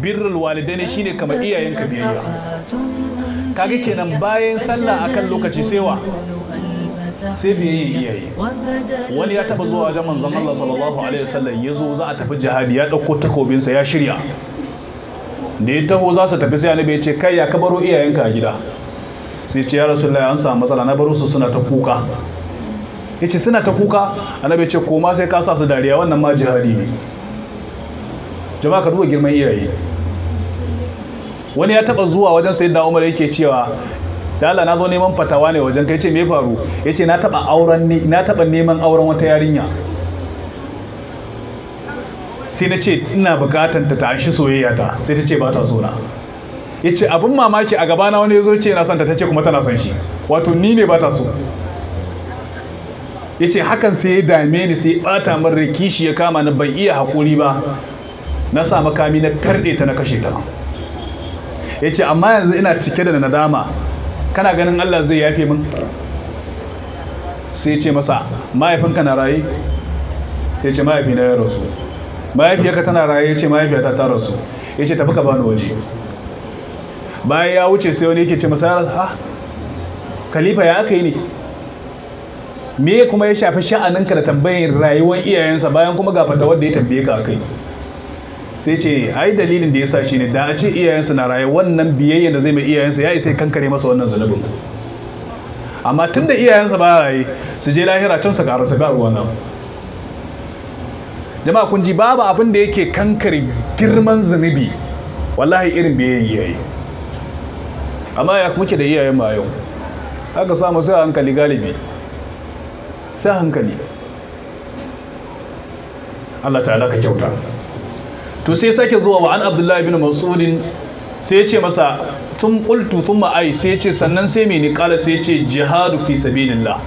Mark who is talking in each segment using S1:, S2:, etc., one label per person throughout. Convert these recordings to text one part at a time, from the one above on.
S1: birrul ne shine kamar iyayenka biyayya kaga kenan bayan sallah akan lokaci sai wa sai biyayya iyaye wani ya taba zuwa wajen manzon Allah sallallahu alaihi wasallam ya zo za a tafi jihadi ya dauko takobinsa ya shirya da ya taho za su tafi sai annabi ya ce kai ya ka baro iyayenka a gida sai ce ya rasulullahi an samu matsala na baro su suna ta kuka ya ce suna ta kuka annabi ya ce koma sai ka sa su dariya wannan ma jihadi ne jama'a ka duba girman iyaye wani ya taba zuwa wajen sayyidina umar yake cewa da Allah na zo neman fatawa ne wajen kai ce me faru yace na taba auren ne na taba neman auren wata yarinya sai na ce ina bukatan ta tashi soyayya ta sai ta ce ba ta so na yace abin mamaki a gabana wani yazo ce yana son ta tace kuma tana son shi wato ni ne ba ta so yace hakan sai ya dame ni sai bata min rikishi ya kama ni bai iya hakuri ba na sa makami na karɗe ta na kashe ta ya ce amma yanzu ina cike da nadama kana ganin Allah zai yafe min sai ce masa mahaifinka na raye ya ce mahaifi na ya rasu mahaifiyarka tana raye ya ce mahaifiyata ta rasu ya ce tafi ka bani waje bayan ya wuce sai wani yake ce masa ha khalifa ya aka yi ne me kuma ya shafi sha'aninka da tambayin rayuwar iyayensa bayan kuma ga fata wanda ya tambaye ka akai sai ce ai dalilin da ya sa shi ne da a ce iyayensa na raye wannan biyayya da zai mai iyayensa ya isa kankare masa wannan zunubin amma tun da iyayensa ba raye su je lahira can su karo ta garuwa nan jama'a kun ji babu abin da yake kankare girman zunubi wallahi irin biyayya yayi amma ya muke da iyayen ma yau haka samu sai hankali galibi sai hankali Allah ta'ala ka kyauta to sai sake zuwa wa an abdullahi bin mas'udin sai ya ce masa tun kultu tun ai sai ya ce sannan sai mai nikala sai ya ce jihadu fi sabilillah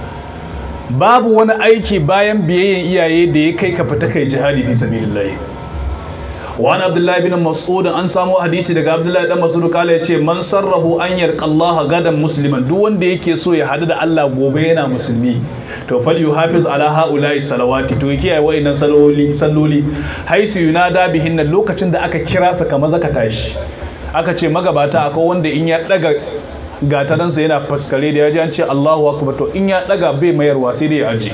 S1: babu wani aiki bayan biyayyen iyaye da ya kai ka fita kai jihadi fi sabilillah wani abdullahi bin mas'ud an samu hadisi daga abdullahi dan mas'ud kala ya ce man sarrahu an yarqa Allah gadan musliman duk wanda yake so ya hadu da Allah gobe yana musulmi to fal yuhafiz ala haula'i salawati to kiyaye wa'annan saloli salloli haisu yunada lokacin da aka kira sa kamar zaka tashi aka ce magabata akwai wanda in ya daga yana faskare da ya ji an ce Allahu akbar to in ya daga bai mayarwa sai dai ya aje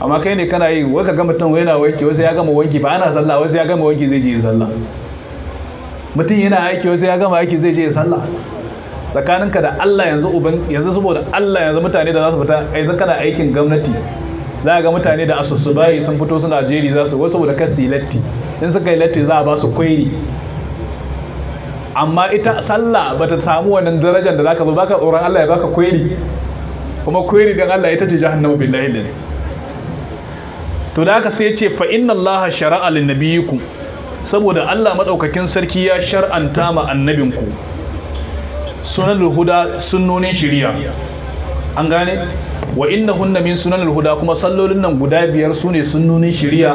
S1: amma kai ne kana yi wai ka ga mutum yana wanki wasu ya gama wanki ba ana sallah wasu ya gama wanki zai je sallah mutum yana aiki wasu ya gama aiki zai je sallah tsakaninka da Allah yanzu uban yanzu saboda Allah yanzu mutane da za su fita yanzu kana aikin gwamnati za ga mutane da asusu bayi sun fito suna jeri za su wasu saboda yi latti in suka yi latti za a ba su kwairi amma ita sallah ba ta samu wannan darajar da zaka zo baka tsoron Allah ya baka kwairi kuma kwairi dan Allah ita ce jahannama billahi lazim to da haka sai ce fa inna Allah shara'a lin nabiyikum saboda Allah madaukakin sarki ya shar'anta ma annabinku sunan huda sunnonin shari'a an gane wa inna hunna min sunan huda kuma sallolin nan guda biyar su ne sunnonin shari'a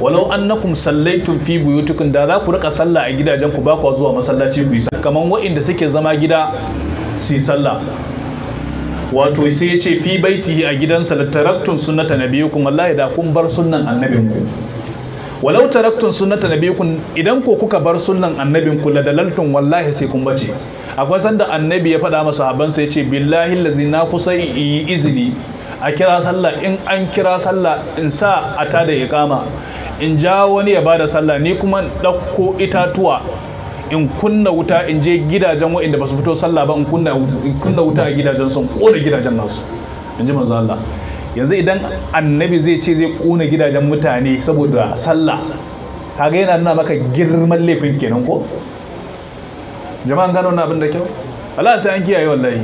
S1: walau annakum sallaitum fi buyutukum da za ku rika sallah a gidajen ku ba ku zuwa masallaci ku yi kaman wa'inda suke zama gida su yi sallah wato sai ya ce fi baiti a gidansa da taraktun sunnata wallahi da kun bar sunnan annabinku walau taraktun sunnata idan ko kuka bar sunnan annabinku da dalaltun wallahi sai kun bace akwai sanda annabi ya faɗa masa habansa ya ce billahi lazi na kusa yi izini a kira sallah in an kira sallah in sa a tada kama in ja wani ya bada sallah ni kuma ɗauko itatuwa in kunna wuta in je gidajen waɗanda ba su fito sallah ba in kunna wuta a gidajen sun kona gidajen nasu in ji manzo Allah yanzu idan annabi zai ce zai kona gidajen mutane saboda sallah kaga yana nuna maka girman laifin kenan ko jama'an gano na abin da kyau Allah sai an kiyaye wallahi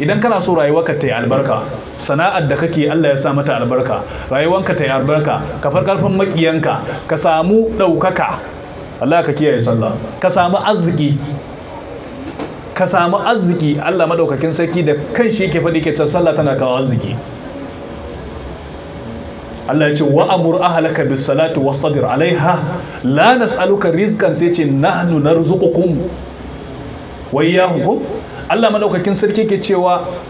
S1: idan kana so rayuwarka ta yi albarka sana'ar da kake Allah ya sa mata albarka rayuwarka ta yi albarka ka far karfin makiyanka ka samu ɗaukaka Allah ka kiyaye sallah ka samu arziki ka samu arziki Allah madaukakin sarki da kanshi shi yake faɗi ke sallah tana kawo arziki Allah ya ce wa amur ahlaka bis salati wasbir alaiha la nas'aluka rizqan sai ce nahnu narzuqukum wa iyyahukum Allah madaukakin sarki ke cewa